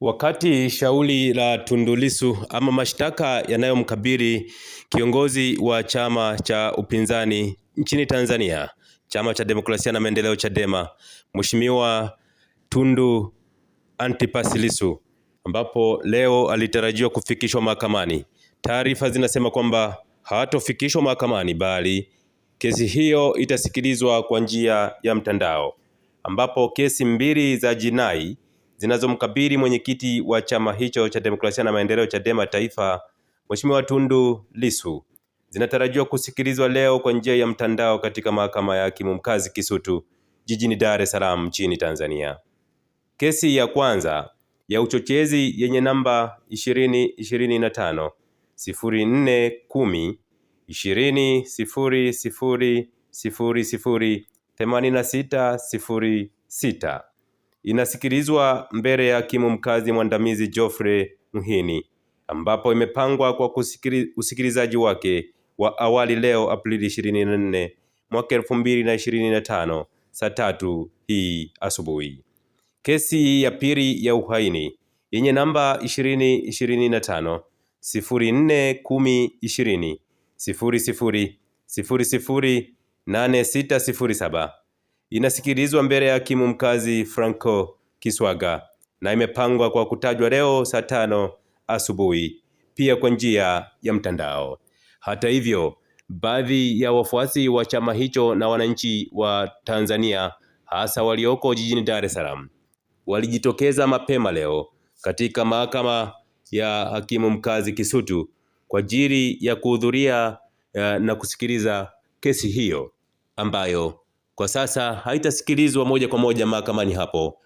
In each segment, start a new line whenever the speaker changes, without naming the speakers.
Wakati shauli la Tundu Lissu ama mashtaka yanayomkabili kiongozi wa chama cha upinzani nchini Tanzania, chama cha demokrasia na maendeleo Chadema, Mheshimiwa Tundu Antipas Lissu, ambapo leo alitarajiwa kufikishwa mahakamani. Taarifa zinasema kwamba hawatofikishwa mahakamani, bali kesi hiyo itasikilizwa kwa njia ya mtandao, ambapo kesi mbili za jinai zinazomkabili mwenyekiti wa chama hicho cha demokrasia na maendeleo Chadema Taifa, Mheshimiwa Tundu Lissu zinatarajiwa kusikilizwa leo kwa njia ya mtandao katika mahakama ya hakimu mkazi Kisutu jijini Dar es Salaam nchini Tanzania. Kesi ya kwanza ya uchochezi yenye namba 2025 ishirini na tano sifuri inasikilizwa mbele ya hakimu mkazi mwandamizi Geoffrey Mhini ambapo imepangwa kwa usikilizaji wake wa awali leo Aprili 24 mwaka 2025 saa tatu hii asubuhi. Kesi ya pili ya uhaini yenye namba 2025 04 10 20 00 00 8607 inasikilizwa mbele ya hakimu mkazi Franco Kiswaga na imepangwa kwa kutajwa leo saa tano asubuhi pia kwa njia ya mtandao. Hata hivyo, baadhi ya wafuasi wa chama hicho na wananchi wa Tanzania hasa walioko jijini Dar es Salaam walijitokeza mapema leo katika mahakama ya hakimu mkazi Kisutu kwa ajili ya kuhudhuria eh, na kusikiliza kesi hiyo ambayo kwa sasa haitasikilizwa moja kwa moja mahakamani hapo,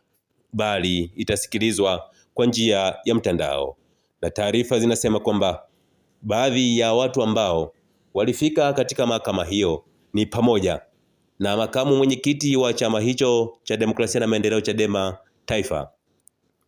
bali itasikilizwa kwa njia ya mtandao, na taarifa zinasema kwamba baadhi ya watu ambao walifika katika mahakama hiyo ni pamoja na makamu mwenyekiti wa chama hicho cha demokrasia na maendeleo Chadema Taifa,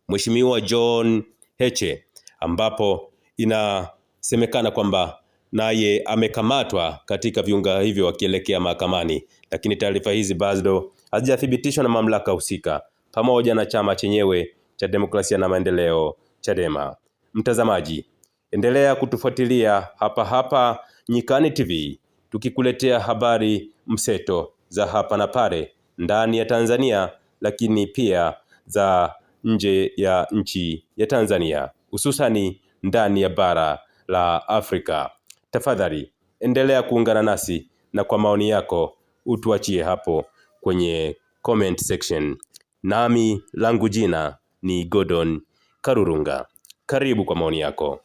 Mheshimiwa John Heche, ambapo inasemekana kwamba naye amekamatwa katika viunga hivyo wakielekea mahakamani, lakini taarifa hizi bado hazijathibitishwa na mamlaka husika pamoja na chama chenyewe cha demokrasia na maendeleo Chadema. Mtazamaji, endelea kutufuatilia hapa hapa Nyikani TV tukikuletea habari mseto za hapa na pale ndani ya Tanzania, lakini pia za nje ya nchi ya Tanzania, hususani ndani ya bara la Afrika. Tafadhali endelea kuungana nasi na kwa maoni yako utuachie hapo kwenye comment section. Nami langu jina ni Gordon Karurunga. Karibu kwa maoni yako.